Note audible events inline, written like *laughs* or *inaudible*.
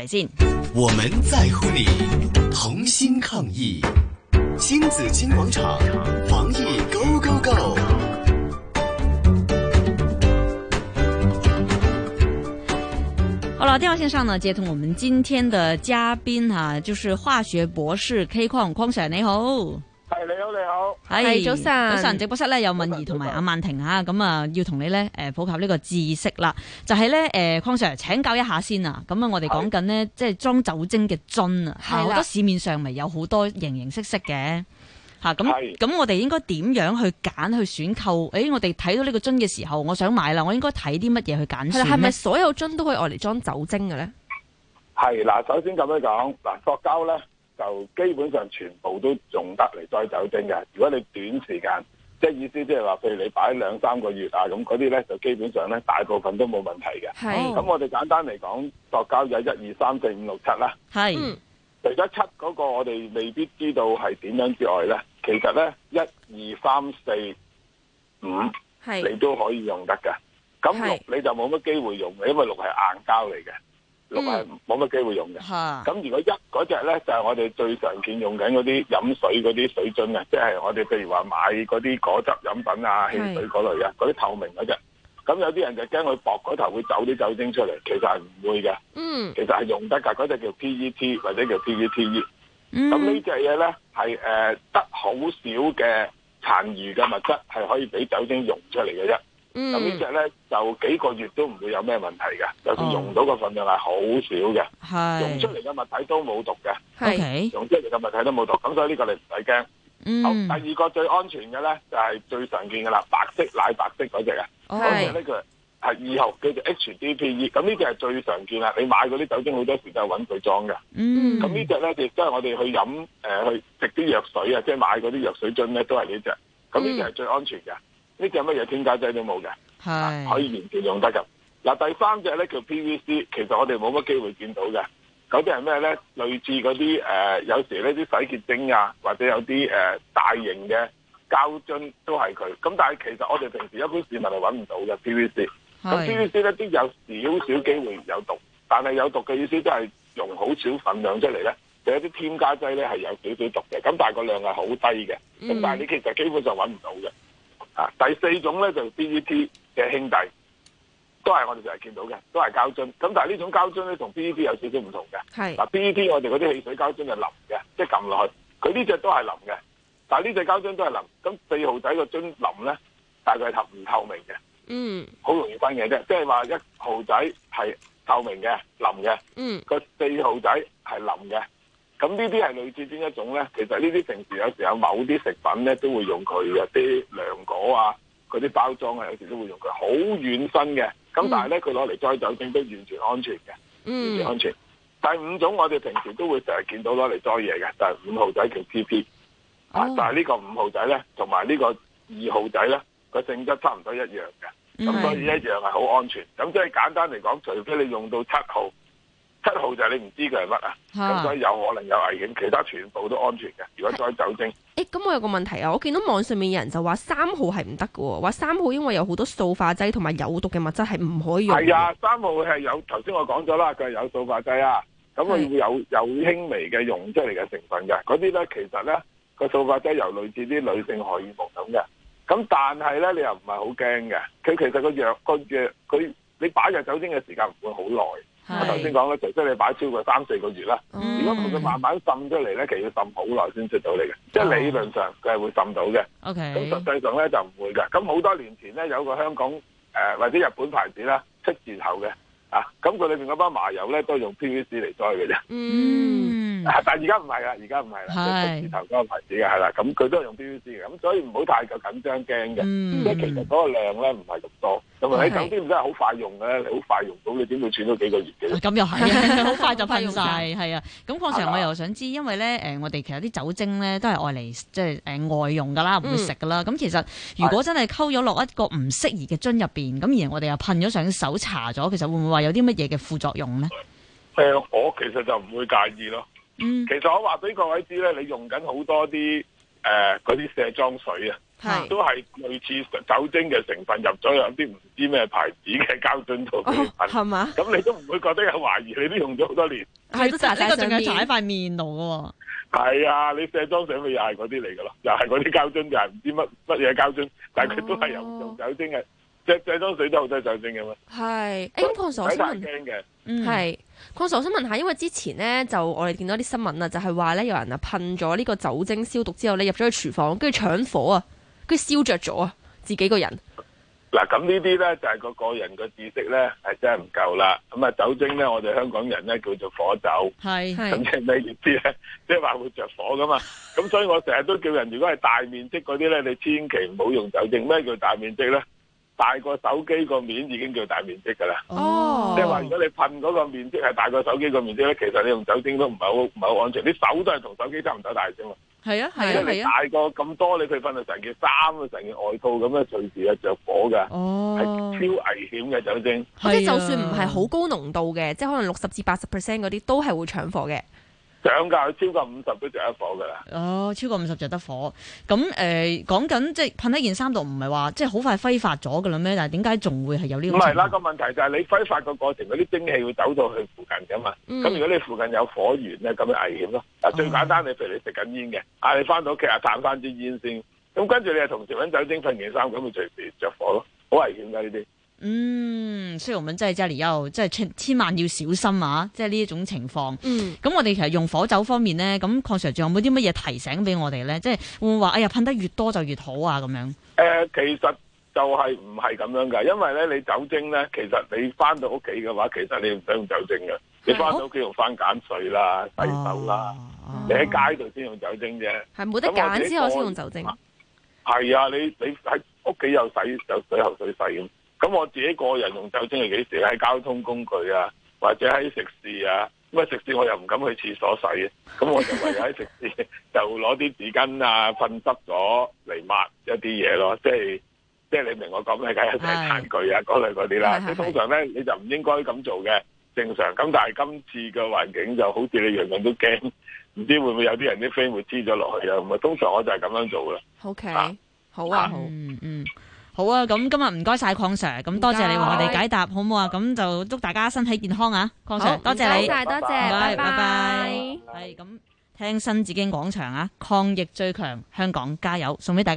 改進，我們在乎你，同心抗疫。新紫金廣場，防疫 go go go。好了，電話線上呢，接通我們今天的嘉賓哈、啊，就是化學博士 K Kwong sir，你好。係你好，你好，係 Hey, 早晨上，早晨，直播室咧有敏儀同埋阿曼婷吓，咁上啊要同你咧誒普及呢個知識啦，就係咧誒 Kong Sir 請教一下先啊，咁啊的我哋講緊咧即係裝酒精嘅樽啊，好的多市面上咪有好多形形色色嘅吓，咁、啊、咁的我哋應該點樣去揀去選購？誒、哎，我哋睇到呢個樽嘅時候，我想買啦，我應該睇啲乜嘢去揀？係咪所有樽都可以攞嚟裝酒精嘅咧？係嗱，首先咁樣講嗱，塑膠咧。就基本上全部都用得嚟載酒精嘅，如果你短時間，即係意思即係話譬如你擺兩三個月啊，咁嗰啲咧就基本上咧大部分都冇問題嘅。係是，咁我哋簡單嚟講，塑膠有一二三四五六七啦。係，除咗七嗰個我哋未必知道係點樣之外咧，其實咧一二三四五你都可以用得嘅。咁六你就冇乜機會用嘅，因為六係硬膠嚟嘅。咁啊，冇乜機會用嘅。咁如果一嗰隻咧，就係、是、我哋最常見用緊嗰啲飲水嗰啲水樽啊，即、就、係、是、我哋譬如話買嗰啲果汁飲品啊、汽水嗰類啊，嗰啲是透明嗰隻。咁有啲人就驚佢薄嗰頭會走啲酒精出嚟，其實係唔會嘅。嗯，其實係用得，但嗰隻叫 PET 或者叫 PETE 咁、嗯、呢隻嘢咧係誒得好少嘅殘餘嘅物質係可以俾酒精溶出嚟嘅啫。咁、嗯、呢隻咧就幾個月都唔會有咩問題嘅，就算用到個份量係好少嘅，用、oh. 出嚟嘅物體都冇毒嘅，用 Okay. 出嚟嘅物體都冇毒，咁所以呢個你唔使驚。第二個最安全嘅咧就係、是、最常見㗎啦，白色奶白色嗰隻啊，咁嘅呢個係二號，叫做 HDPE，咁呢隻係最常見啦。你買嗰啲酒精好多時都係揾佢裝嘅，咁、嗯、呢隻咧亦都係我哋去飲誒去食啲藥水啊，即係買嗰啲藥水樽咧都係呢隻，咁呢隻係最安全嘅。嗯呢隻乜嘢添加劑都冇嘅，係是、啊、可以完全用得㗎。嗱、啊、第三隻咧叫 PVC，其實我哋冇乜機會見到嘅。嗰啲係咩咧？類似嗰啲誒，有時呢啲洗潔精啊，或者有啲誒、呃、大型嘅膠樽都係佢。咁但係其實我哋平時一般市民係揾唔到嘅 PVC。咁 PVC 咧啲有少少機會有毒，但係有毒嘅意思都係用好少份量出嚟咧，有啲添加劑咧係有少少毒嘅。咁但係個量係好低嘅。咁、嗯、但係你其實基本上揾唔到嘅。啊，第四種咧就係、PET 嘅兄弟，都係我哋成日見到嘅，都係膠樽。咁但係呢種膠樽咧同 PET 有少少唔同嘅。係嗱，PET 我哋嗰啲汽水膠樽係腍嘅，即係撳落去。佢呢隻都係腍嘅，但係呢隻膠樽都係腍。咁四號仔個樽腍咧，大概係腍，唔透明嘅。嗯，好容易分嘅啫，即係話一號仔係透明嘅腍嘅。嗯，個四號仔係腍嘅。咁呢啲係類似邊一種咧？其實呢啲平時有時有某啲食品咧，都會用佢嗰啲涼果啊，嗰啲包裝啊，有時都會用佢好軟身嘅。咁但係咧，佢攞嚟裝酒精都完全安全嘅，嗯、完全安全。第五種我哋平時都會成日見到攞嚟裝嘢嘅，就係五號仔嘅 PP。哦、啊，但係呢個五號仔咧，同埋呢個二號仔咧，個性質差唔多一樣嘅，咁所以一樣係好安全。咁即係簡單嚟講，除非你用到七號。七號就係你唔知佢係乜啊，咁所以有可能有危險，其他全部都安全嘅。如果再酒精，誒，咁、欸、我有個問題啊，我見到網上面有人就話三號係唔得嘅，話三號因為有好多塑化劑同埋有毒嘅物質係唔可以用嘅。係啊，三號係有，頭先我講咗啦，佢係有塑化劑啊，咁佢會有有輕微嘅溶出嚟嘅成分嘅，嗰啲咧其實咧個塑化劑又類似啲女性荷爾蒙咁嘅，咁但係咧你又唔係好驚嘅，佢其實個藥個藥佢你擺入酒精嘅時間唔會好耐。是我頭先講咧，除非你擺超過三四個月啦，嗯、如果佢慢慢滲出嚟咧，其實要滲好耐先出到嚟嘅，啊、即係理論上佢係會滲到嘅。O K，咁實際上咧就唔會㗎。咁好多年前咧有個香港誒，呃、或者日本牌子啦，七字頭嘅啊，咁佢裏邊嗰班麻油咧都係用 P V C 嚟裝嘅啫。嗯。但而家唔係啦，而家唔係啦，即係頭先嗰個牌子嘅係啦。咁佢都係用 B B C 嘅，咁所以唔好太緊張驚嘅。即其實嗰個量咧唔係咁多，咁為喺酒精真係好快用嘅，你好快用到你點會存咗幾個月嘅？咁又係，好快就噴晒。係啊、嗯！咁況且我又想知，因為咧誒，我哋其實啲酒精咧都係愛嚟即係誒外用㗎啦，唔會食㗎啦。咁、哦嗯嗯嗯嗯、其實如果真係溝咗落一個唔適宜嘅樽入邊，咁而我哋又噴咗上手搽咗，其實會唔會話有啲乜嘢嘅副作用咧？誒，我其實就唔會介意咯。嗯，其實我話俾各位知咧，你用緊好多啲誒嗰啲卸妝水啊，是都係類似酒精嘅成分入咗有啲唔知咩牌子嘅膠樽度嘅，係嘛、哦？咁你都唔會覺得有懷疑，你都用咗好多年，係都搽喺上。呢個仲要搽喺塊面度喎，係啊，你卸妝水咪又係嗰啲嚟㗎咯，又係嗰啲膠樽，又係唔知乜乜嘢膠樽，但係佢都係有用酒精嘅。哦。最多水都好多酒精嘅嘛？係，咁、欸。睇曬驚嘅，嗯。係，我我想問下，因為之前咧就我哋見到啲新聞啊，就係話咧有人啊噴咗呢個酒精消毒之後咧入咗去廚房，跟住搶火啊，跟住燒着咗啊，自己個人。嗱，咁呢啲咧就係、是、個個人嘅知識咧係真係唔夠啦。咁啊，酒精咧我哋香港人咧叫做火酒，係，咁即係咩意思咧？即係話會着火噶嘛？咁所以我成日都叫人，如果係大面積嗰啲咧，你千祈唔好用酒精。咩叫大面積咧？大過手機個面已經叫大面積㗎啦，即係話如果你噴嗰個面積係大過手機個面積咧，其實你用酒精都唔係好唔係好安全。你手都係同手機差唔多大啲嘛，係啊係啊，因為、啊啊、大過咁多，你佢噴到成件衫啊，成件外套咁咧，隨時係着火㗎，係、oh. 超危險嘅酒精。啊、即係就算唔係好高濃度嘅，即係可能六十至八十 percent 嗰啲，都係會搶火嘅。漲價，超過五十都着得火噶啦。哦，超過五十就得火。咁誒，講緊即係噴一件衫度，唔係話即係好快揮發咗噶啦咩？但係點解仲會係有呢個？唔係啦，個問題就係你揮發個過程，嗰啲蒸汽會走到去附近噶嘛。咁、嗯、如果你附近有火源咧，咁樣危險咯。嗱、哦，最簡單你譬如你食緊煙嘅，啊的你翻到屋企啊嘆翻支煙先，咁跟住你係同時揾酒精噴件衫，咁咪隨時着火咯，好危險噶呢啲。嗯，雖然我真係真係又真係千千萬要小心啊！即係呢一種情況。嗯，咁我哋其實用火酒方面咧，咁鄺 Sir 仲有冇啲乜嘢提醒俾我哋咧？即係會唔會話哎呀，噴得越多就越好啊！咁樣。誒，其實就係唔係咁樣噶，因為咧你酒精咧，其實你翻到屋企嘅話，其實你唔使用酒精嘅。啊、你翻到屋企用翻鹼水啦、洗手啦，啊、你喺街度先用酒精啫。係冇得揀先，我先用酒精。係啊，啊，你你喺屋企有洗有水喉水洗咁。咁我自己個人用酒精係幾時？喺交通工具啊，或者喺食肆啊，咁啊食肆我又唔敢去廁所洗嘅、啊，咁我就唯有喺食肆 *laughs* 就攞啲紙巾啊，噴濕咗嚟抹一啲嘢咯，即係即係你明我講咩？梗係食餐具啊嗰是類嗰啲啦，即通常咧你就唔應該咁做嘅，正常。咁但係今次嘅環境就好似你樣樣都驚，唔知會唔會有啲人啲飛沫會黐咗落去啊？咁係通常我就係咁樣做嘅。O Okay , K，、啊、好啊，好、啊嗯，嗯嗯。好啊，咁今日唔該晒鄺 Sir，咁多謝你為我哋解答，好唔好啊？咁就祝大家身體健康啊，鄺 Sir，好多謝你，多謝，多謝，唔該，拜拜，係咁，聽新紫荊廣場啊，抗疫最強香港，加油，送俾大家。